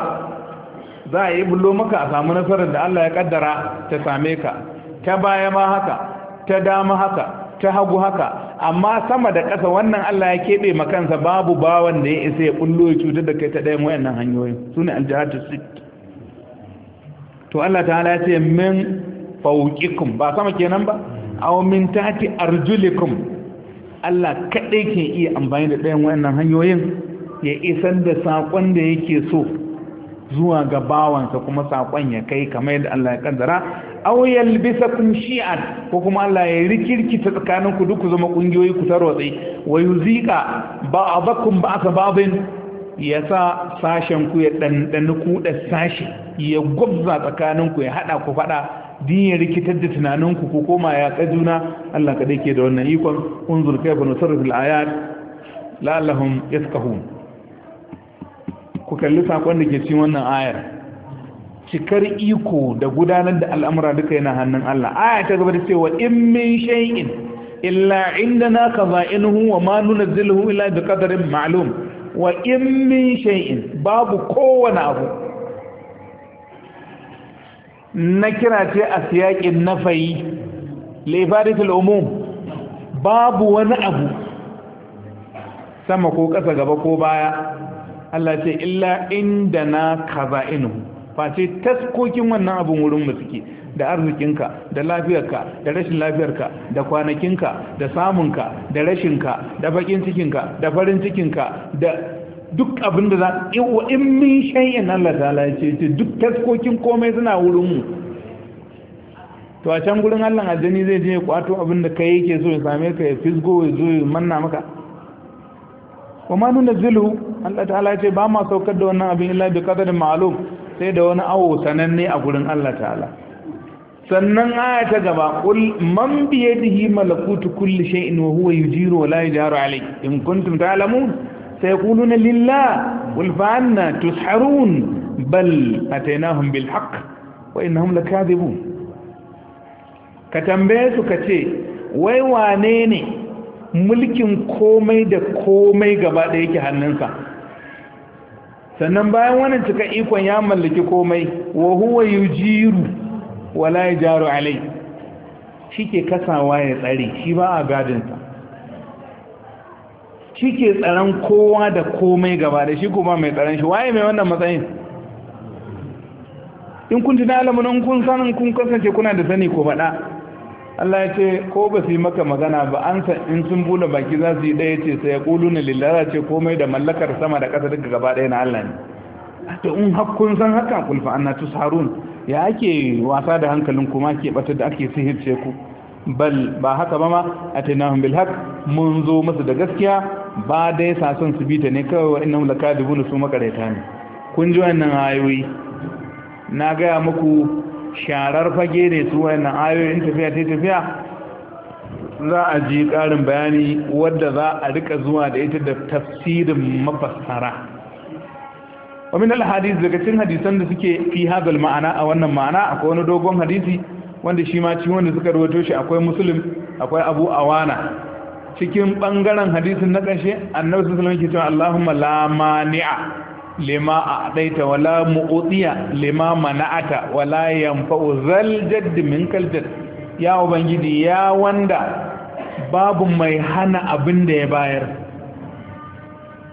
za a yi bullo maka a samu nasarar da Allah ya ƙaddara ta same ka ta baya ma haka ta dama haka ta hagu haka amma sama da ƙasa wannan Allah ya keɓe kansa babu bawan da ya isa ya bullo ya cutar da kai ta ɗayan wayannan hanyoyin su ne aljihatu sit to Allah ta ya ce min fauqikum ba sama kenan ba aw min tati arjulikum Allah kaɗai ke iya amfani da ɗayan wayannan hanyoyin ya isar da saƙon da yake so zuwa ga bawansa kuma sakon ya kai kamar yadda Allah ya kaddara aw yalbisakum shi'an ko kuma Allah ya ta tsakanin ku duk ku zama kungiyoyi ku tarwatsi wa yuzika ba'dakum ba'sa ba'din ya sa sashen ku ya dandani ku da sashi ya gwabza tsakanin ku ya hada ku fada din ya rikitar da tunaninku ko koma ya juna Allah ka dake da wannan ikon unzur kayfa nusarrifu al-ayat la'allahum yafqahun ku kalli sakon da ke cikin wannan ayar cikar iko da gudanar da al'amura duka yana hannun Allah aya ta gaba da cewa in min shay'in illa indana kaza'inuhu wa ma nunzilu illa bi qadarin ma'lum wa in min shay'in babu kowane abu na kira ce a siyaƙin nafayi laifaritul umum babu wani abu sama ko ƙasa gaba ko baya Allah ce illa inda na kaza inu face taskokin wannan abin wurin mu suke da arzikinka da lafiyarka da rashin lafiyarka da kwanakinka da samunka da rashinka da bakin cikinka da farin cikinka da duk abin da za in min shayin Allah ta ce duk taskokin komai suna wurin mu to a can gurin Allah aljani zai je ya kwato abin da kai yake so ya same ka ya fisgo ya zo ya manna maka wa ma nuna zilu Allah ta'ala ce ba ma saukar da wannan abin illa bi qadarin ma'lum sai da wani awo sananne a gurin Allah ta'ala sannan aya ta gaba qul man bi yadihi malakutu kulli shay'in wa huwa yujiru wa la yujaru alayhi in kuntum ta'lamun sayaquluna lillah qul fa anna tusharun bal atainahum bil haqq wa innahum lakadibun ka tambaye su kace wai wane ne mulkin komai da komai gaba da yake hannunsa sannan bayan wannan cika ikon ya mallaki komai wa huwa yujiru wala yajaru alai shike kasawa ya tsare shi ba a gadinsa shike tsaron kowa da komai gaba da shi kuma mai tsaron shi waye mai wannan matsayin in kun ji na in kun sanin kun kasance kuna da sani ko faɗa Allah ya ce ko ba su yi maka magana ba an san in sun bula baki za su yi ɗaya ce sai ya ƙulu na lillara ce komai da mallakar sama da ƙasa duka gaba ɗaya na Allah ne to in hakkun san haka kulfa an natu harun ya ake wasa da hankalin kuma ke ɓata da ake sihir ce ku bal ba haka ba ma a tainahun bil haƙ mun zo masu da gaskiya ba dai sason su bi ta ne kawai wa innahum lakadibun su makareta ne kun ji wannan ayoyi na gaya muku sharar fage ne su wani ayoyin tafiya ta tafiya za a ji ƙarin bayani wadda za a rika zuwa da ita da tafsirin mafassara wamin alhadis daga cikin hadisan da suke fi hadal ma'ana a wannan ma'ana akwai wani dogon hadisi wanda shi ma cikin wanda suka rubuto shi akwai muslim akwai abu awana cikin bangaren hadisin na kashe annabi sallallahu alaihi wasallam ke cewa Allahumma la mani'a lima a ɗaita wala mu'udiya lima mana'ata wala yanfa'u zal jaddi min kaljad ya ubangiji ya wanda babu mai hana abin da ya bayar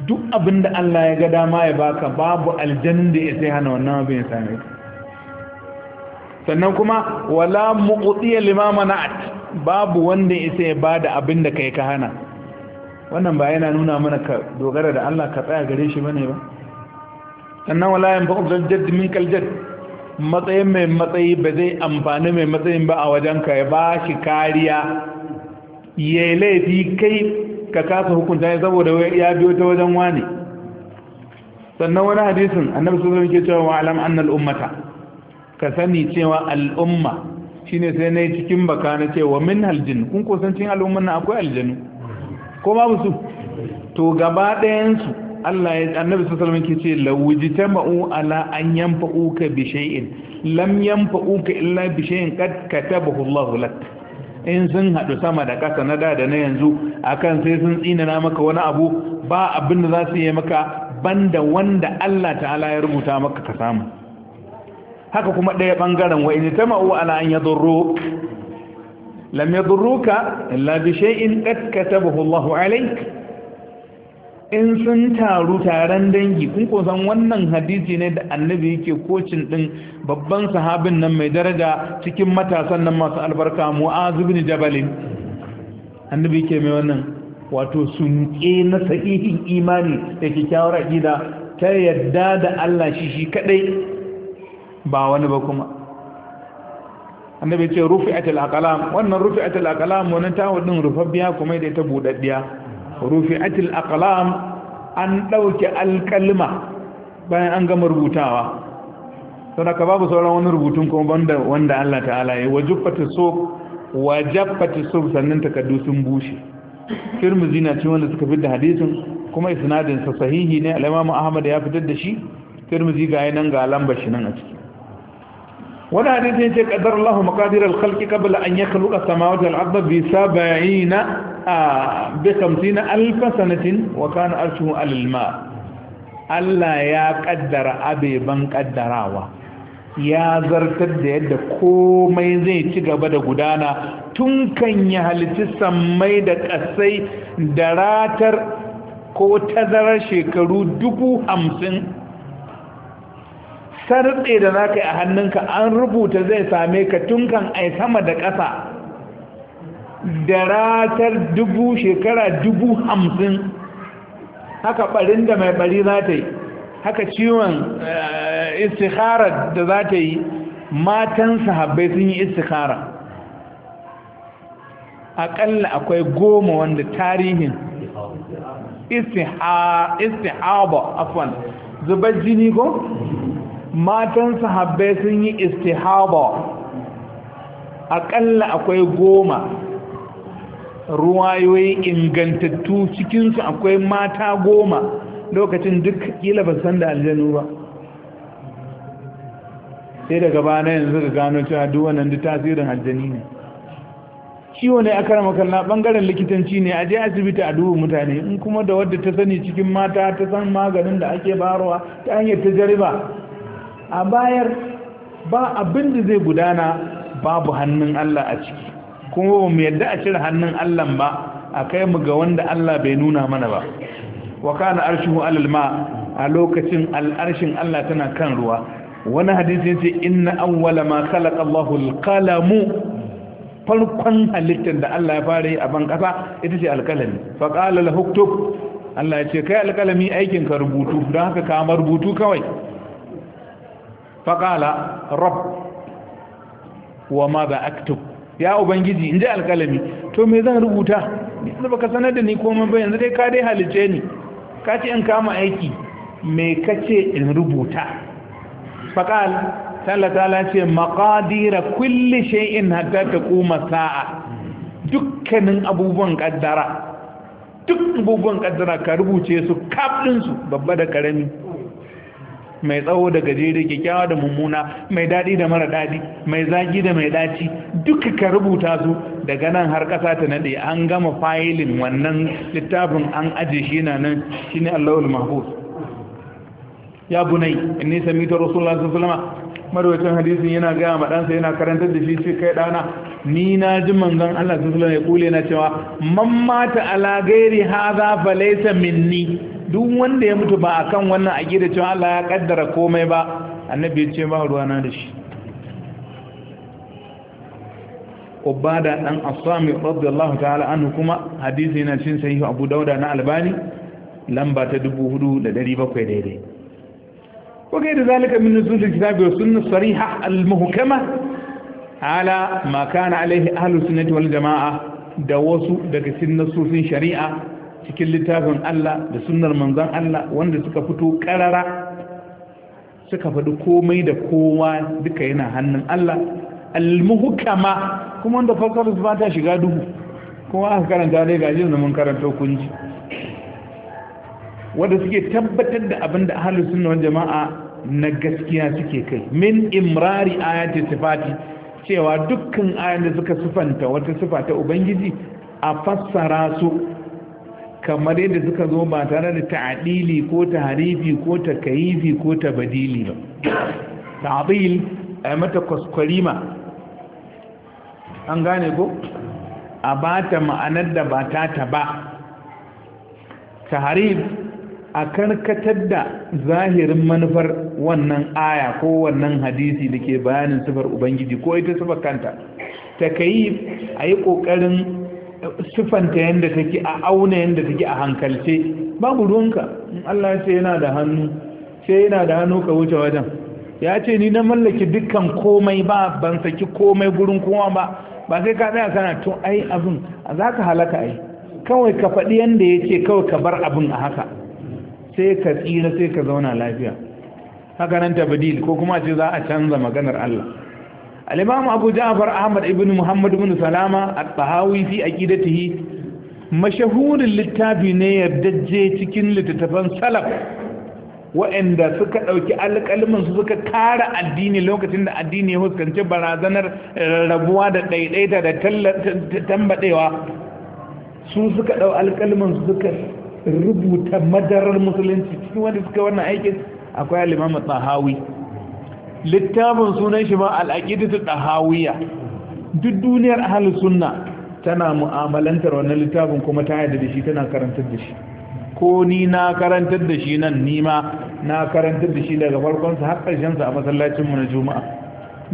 duk abin da Allah ya ga dama ya baka babu aljanin da ya sai hana wannan abin ya same ka sannan kuma wala mu'udiya lima mana'at babu wanda ya sai ya bada abin da kai ka hana wannan ba yana nuna mana ka dogara da Allah ka tsaya gare shi bane ba sannan wala yan fa'ul jadd min kal jadd matsayin mai matsayi ba zai amfani mai matsayin ba a wajen ka ya ba shi kariya ya laifi kai ka kasa hukunta ya saboda ya biyo ta wajen wani sannan wani hadisin annabi sallallahu alaihi wasallam ke cewa wa alam annal ummata ka sani cewa al'umma shine sai nayi cikin baka na cewa min aljin kun ko san cikin al'umman akwai aljanu ko babu su to gaba ɗayan su Allah ya annabi sallallahu alaihi wasallam ce lawjitama'u ala an yanfa'uka bi shay'in lam yanfa'uka illa bi shay'in qad katabahu Allahu lak in sun hadu sama da kasa na da da na yanzu akan sai sun tsinana maka wani abu ba abin da za su yi maka banda wanda Allah ta'ala ya rubuta maka ka samu haka kuma ɗaya ɓangaren wa ta tama'u ala an yadurru lam yadurruka illa bi shay'in qad katabahu Allahu alayka in sun taru taron dangi kun san wannan hadisi ne da annabi yake kocin din babban sahabin nan mai daraja cikin matasan nan masu albarka mu'az ibn jabal annabi yake mai wannan wato sunke na sahihin imani da kyakkyawar aqida ta yadda da Allah shi shi kadai ba wani ba kuma annabi ce rufi'atul aqlam wannan rufi'atul aqlam wannan tawo din rufabbiya kuma da ta budaddiya al aqlam an ɗauke kalma bayan an gama rubutawa ka babu sauran wani rubutun kuma banda wanda Allah ta'ala ya wajabbata so wajabbata so sannan takaddu sun bushe Tirmidhi na cikin wanda suka fitar da hadisin kuma isnadin sa sahihi ne al-Imam Ahmad ya fitar da shi Tirmidhi ga nan ga lamba shi nan a ciki wani hadisin ce qadarullahu Allah maqadir al-khalqi qabla an yakhluqa samawati wal ardi bi 70 بخمسين ألف سنة وكان أرشه على الماء Allah ya kaddara abeban kaddarawa ya zartar da yadda komai zai ci gaba da gudana tun kan ya halitti sammai da ƙasai da ratar ko tazarar shekaru dubu hamsin sarɗe da za ka yi a hannunka an rubuta zai same ka tun kan ai sama da ƙasa da ratar dubu shekara dubu hamsin haka barin da mai bari za ta yi haka ciwon eh, istikharar da za ta yi matan sahabbai sun yi istikhara aƙalla akwai goma wanda tarihin istihaba afwan zubar jini ko matan sahabbai sun yi istihaba aƙalla akwai goma ruwayoyi ingantattu cikinsu akwai mata goma lokacin duk kila ba san da aljanu ba sai daga bana yanzu ga gano cewa duk wannan duk tasirin aljani ne ciwo ne a rama kalla bangaren likitanci ne a je asibiti a duba mutane in kuma da wadda ta sani cikin mata ta san maganin da ake barowa ta hanyar tajariba a bayar ba abin da zai gudana babu hannun Allah a ciki kuma ba mu yadda a cire hannun Allah ba a kai mu ga wanda Allah bai nuna mana ba wa kana arshuhu alal ma a lokacin al'arshin Allah tana kan ruwa wani hadisi yace inna awwala ma khalaqa Allahu al-qalamu farkon halittar da Allah ya fara yi a ban kasa ita ce alkalami fa qala lahu Allah ya ce kai alkalami aikin ka rubutu don haka ka rubutu kawai fa qala rabb wa ma ba aktub ya ubangiji in ji alkalami, to me zan rubuta yanzu baka sanar da ni komai ba yanzu dai ka dai halice ni ka ce in kama aiki me kace in rubuta faqal talla tala ce maqadira kulli shay'in hatta taquma sa'a dukkanin abubuwan kaddara duk abubuwan kaddara ka rubuce su kaf su babba da karami mai tsawo da gajere kyakkyawa da mummuna mai daɗi da mara daɗi mai zagi da mai ɗaci duka ka rubuta su daga nan har ƙasa ta naɗe an gama fayilin wannan littafin an aje shi na nan shi ne allahul mahfuz ya bunai in ni sami ta rasulullah sulama marwacin hadisin yana gaya ma ɗansa yana karantar da shi ce kai ɗana ni na ji manzon Allah sun sulama ya kule na cewa man mata ala ha za fa minni duk wanda ya mutu ba a kan wannan aqida cewa Allah ya kaddara komai ba annabi ce ba ruwana da shi ubada dan asami radiyallahu ta'ala anhu kuma hadisi na cin sahihu abu dauda na albani lamba ta 4700 daidai nuzul ذلك wa نزول sariha al-muhkama ala ma kana كان ahlus sunnati wal jama'a da wasu daga cikin nasusun shari'a cikin littafin Allah da sunnar manzon Allah wanda suka fito karara suka faɗi komai da kowa duka yana hannun Allah almuhkama kuma wanda su ba ta shiga duhu kuma aka karanta dai gaji jin mun karanta kunji wanda suke tabbatar da abinda da ahlus sunna wal jama'a na gaskiya suke kai min imrari ayati sifati cewa dukkan ayan da suka sifanta wata sifa ta ubangiji a fassara su kamar yadda suka zo ba tare da ta'adili ko ta harifi ko ta kayifi ko ta badili ba ta'adil a mata kwaskwarima an gane ko a ba ta ma'anar da ba ta ta ba ta harif a karkatar da zahirin manufar wannan aya ko wannan hadisi da ke bayanin sifar ubangiji ko ita sifar kanta ta kayi a yi ƙoƙarin sufanta yadda take a auna yadda take a hankalce babu ruwanka Allah ya ce yana da hannu sai yana da hannu ka wuce wajen ya ce ni na mallaki dukkan komai ba ban saki komai gurin kowa ba ba sai ka tsaya kana to ai abin za ka halaka ai kawai ka faɗi yadda ya ce kawai ka bar abin a haka sai ka tsira sai ka zauna lafiya haka nan tabadil ko kuma ce za a canza maganar Allah al abuja abu ja'far ahmad ibn muhammad ibn salama at-tahawi fi aqidatihi mashahurin littafi ne yardajje cikin littattafan salaf waɗanda suka ɗauki alƙalmin su suka kara addini lokacin da addini ya huskanci barazanar rabuwa da ɗaiɗaita da tambaɗewa su suka ɗau alƙalmin suka rubuta madarar musulunci cikin wanda suka wannan aikin akwai alimamu tsahawi littafin sunan shi ma al'aqidatu Dahawiya duk duniyar ahlus sunna tana mu'amalantar wannan littafin kuma ta yarda da shi tana karantar da shi ko ni na karantar da shi nan ni ma na karantar da shi daga farkon sa har karshen sa a masallacin mu na juma'a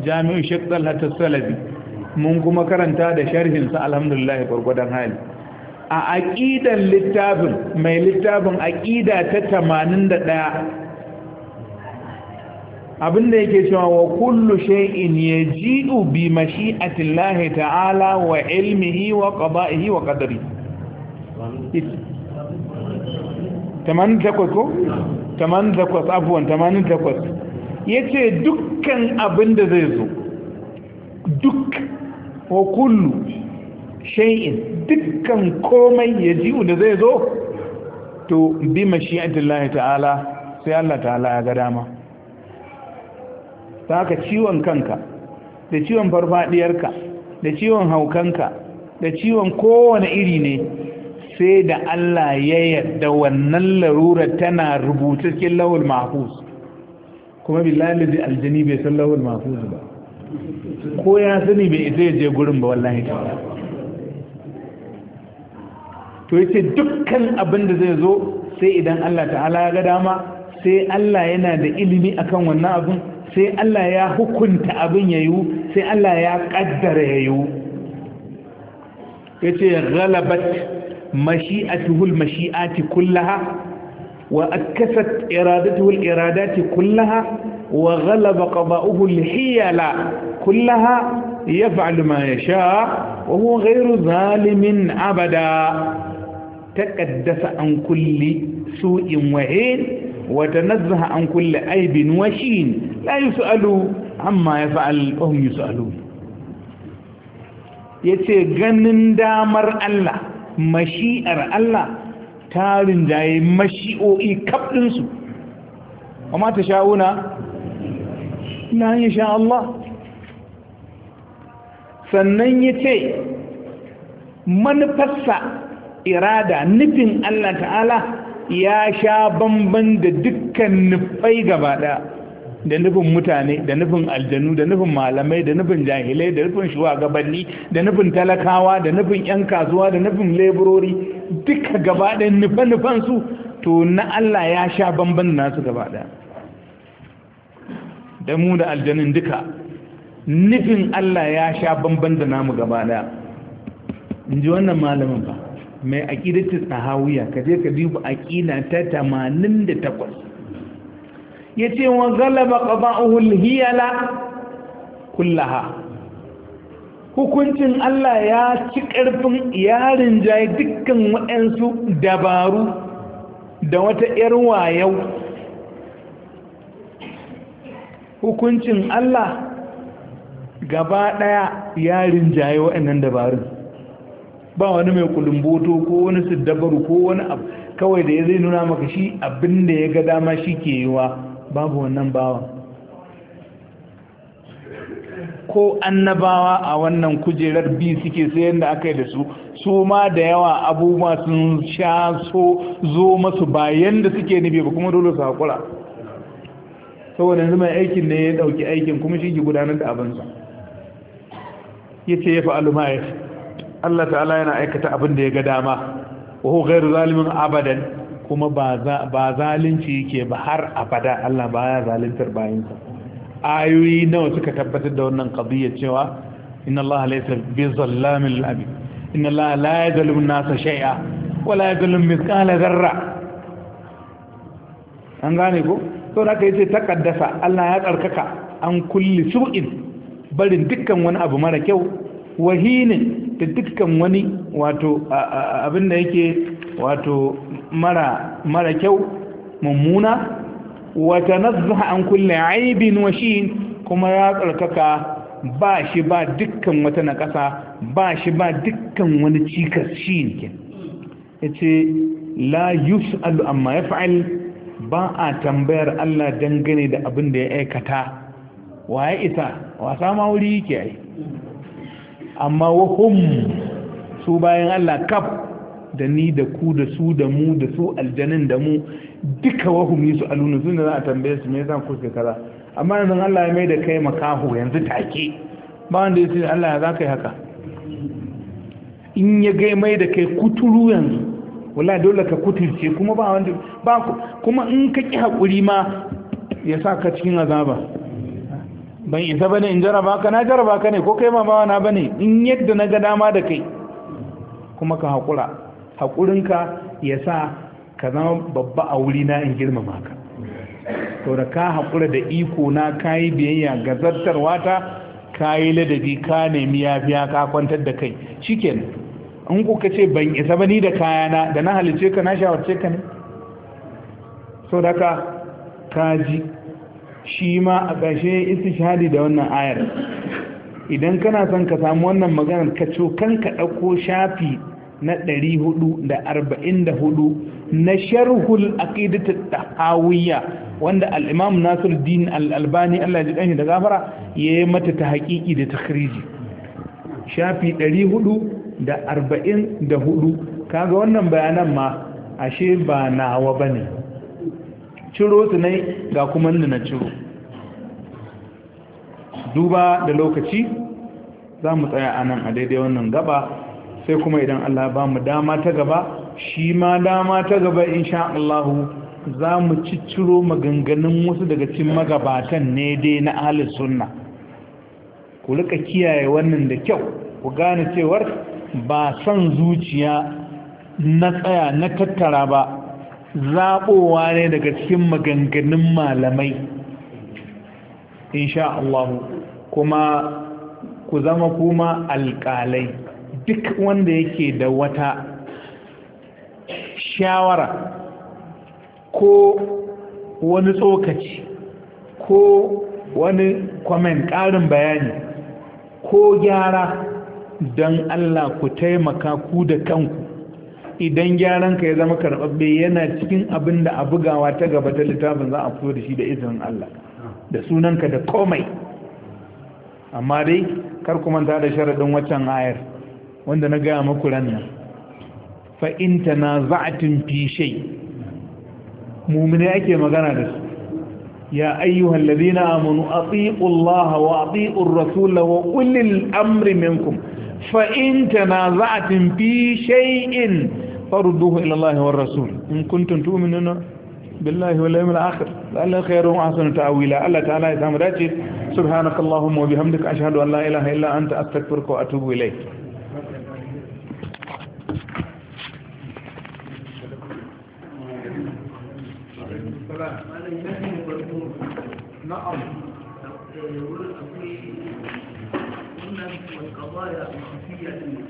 jami'u Sheikh Talhat salabi mun kuma karanta da sharhin sa alhamdulillah gurgudan hali a aqidan littafin mai littafin aqida ta 81 abin da yake cewa wa kullu shay'in yaji'u bi mashi'ati Allah ta'ala wa ilmihi wa qada'ihi wa qadari tamanin takwas ko? tamanin takwas abuwan tamanin takwas ya ce dukkan abin da zai zo duk wa kullu shay'in dukkan komai ya da zai zo to bi mashi'atin Allah ta'ala sai Allah ta'ala ya ga dama ta haka ciwon kanka da ciwon farfadiyarka da ciwon haukanka da ciwon kowane iri ne sai da Allah ya yarda wannan larurar tana rubuta cikin lawul mahfuz kuma billahi da aljani bai san lawul mahfuz ba ko ya sani bai isa ya je gurin ba wallahi ta to yace dukkan abin da zai zo sai idan Allah ta'ala ya ga dama sai Allah yana da ilimi akan wannan abin sai Allah ya hukunta abin yayu sai Allah ya ƙaddara ya yace ya ce galabat mashi'atuhul mashi'ati kullaha wa akasat iradatuhul iradati kullaha wa galaba qada'uhul hiyala kullaha yaf'alu ma yasha wa huwa ghayru zalimin abada taqaddasa an kulli su'in wa وتنزه عن كل عيب وشين لا يسأل عما يفعل وهم يسألون yace ganin damar Allah mashi'ar Allah ta rinjaye mashi'o'i kaɗinsu amma ta sha'una na yin sha Allah sannan ya ce manufarsa irada nufin Allah ta'ala ya sha bamban da dukkan nufai gaba da nufin mutane da nufin aljanu da nufin malamai da nufin jahilai da nufin shugabanni da nufin talakawa da nufin 'yan kasuwa da nufin laborori duka gaba da nufa-nufan su to na Allah ya sha bamban nasu gaba da damu mu da aljanin duka nufin Allah ya sha bamban da namu gaba da in ji wannan malamin ba mai aƙidatul tahawiyya ka je ka dubu aƙida ta 88 yace wa galaba qada'uhu hiyala kullaha hukuncin Allah ya ci ƙarfin yarin jaye dukkan waɗansu dabaru da wata ‘yar wayau hukuncin Allah gaba ɗaya yarin jaye waɗannan dabarun ba wani mai kulumboto ko wani siddabaru ko wani abu kawai da ya zai nuna maka shi abin da ya ga dama shi ke yi wa babu wannan bawa. ko annabawa a wannan kujerar bi suke sayan da aka yi da su su ma da yawa abubuwa sun sha so zo masu bayan da suke nufi ba kuma dole su haƙura saboda yanzu mai aikin ne ya ɗauki aikin kuma shi ke gudanar da abinsa ya ce ya fa'alu ma'aikin Allah ta'ala yana aikata abin da ya ga dama wa hu ghairu zalimin abadan kuma ba zalunci yake ba har abada Allah baya zaluntar bayinsa ayoyi nawa suka tabbatar da wannan qadiyya cewa inna Allah laysa bizallamin lil abid inna Allah la yadhlimu an-nasa shay'a wa la yadhlimu mithqala dharra an gane ko to da kai ce takaddasa Allah ya tsarkaka an kulli su'in barin dukkan wani abu mara kyau wahinin da dukkan wani wato abin da yake wato mara mara kyau mummuna wa tanazzaha an kulle aibin wa shin kuma ya tsarkaka ba shi ba dukkan wata naƙasa ba shi ba dukkan wani cikas shi ne yace la yus'alu amma yaf'al ba a tambayar Allah dangane da abin da ya aikata wa ya isa wasa ma wuri yake ai amma wahum su bayan Allah kaf da ni da ku da su da mu da su aljanin da mu duka wahum yi su alunu sun da za a tambaye su me zan kusa kaza amma yanzu Allah ya mai da kai makaho yanzu take ba wanda ya ce Allah ya za ka yi haka in ya gai mai da kai kuturu yanzu wala dole ka kuturce kuma ba wanda ba kuma in ka ki haƙuri ma ya sa ka cikin azaba ban isa bane in jaraba ka na jaraba ka ne ko kai ma bawa na bane in yadda na ga dama da kai kuma ka haƙura haƙurinka ya sa ka zama babba a wuri na in girmama ka to da ka haƙura da iko na ka yi biyayya ga zartarwa ta ka yi ladabi ka nemi yafiya ka kwantar da kai shikenan in kuka ce ban isa ba ni da kayana da na halice ka na shawarce ka ne so da ka ka ji shi ma a ƙarshe shahadi da wannan ayar idan kana son ka samu wannan maganar ka cokan ka ɗauko shafi na 444 na sharhul aqidat tahawiyya wanda al-imam Nasiruddin al-Albani Allah ya ji da gafara yayi mata ta haƙiƙi da takhriji shafi da da arba'in 444 kaga wannan bayanan ma ashe ba nawa bane ciro su ne ga kuma ni na ciro duba da lokaci za mu tsaya a nan a daidai wannan gaba sai kuma idan Allah ba mu dama ta gaba shi ma dama ta gaba insha Allahu za mu cicciro maganganun wasu daga cikin magabatan ne dai na ahalin sunna ku rika kiyaye wannan da kyau ku gane cewar ba son zuciya na tsaya na tattara ba zaɓowa ne daga cikin maganganun malamai insha Allah kuma ku zama kuma alƙalai duk wanda yake da wata shawara ko wani tsokaci ko wani kwamen ƙarin bayani ko gyara don Allah ku taimaka ku da kanku idan gyaran ka ya zama karɓaɓɓe yana cikin abin da a bugawa ta gaba ta littafin za a fito da shi da izinin Allah da sunanka da komai amma dai kar ku manta da sharaɗin waccan ayar wanda na gaya muku ran nan fa in tanaza'atin fi shay ake magana da su ya ayyuhal ladina amanu atiiqu Laha wa atiiqu ar-rasul wa ulil amri minkum fa na tanaza'atin fi in. فردوه إلى الله والرسول إن كنتم تؤمنون بالله واليوم الآخر لعل خير وأحسن تأويلا الله تعالى يسام راتي سبحانك اللهم وبحمدك أشهد أن لا إله إلا أنت أستغفرك وأتوب إليك نعم الخفية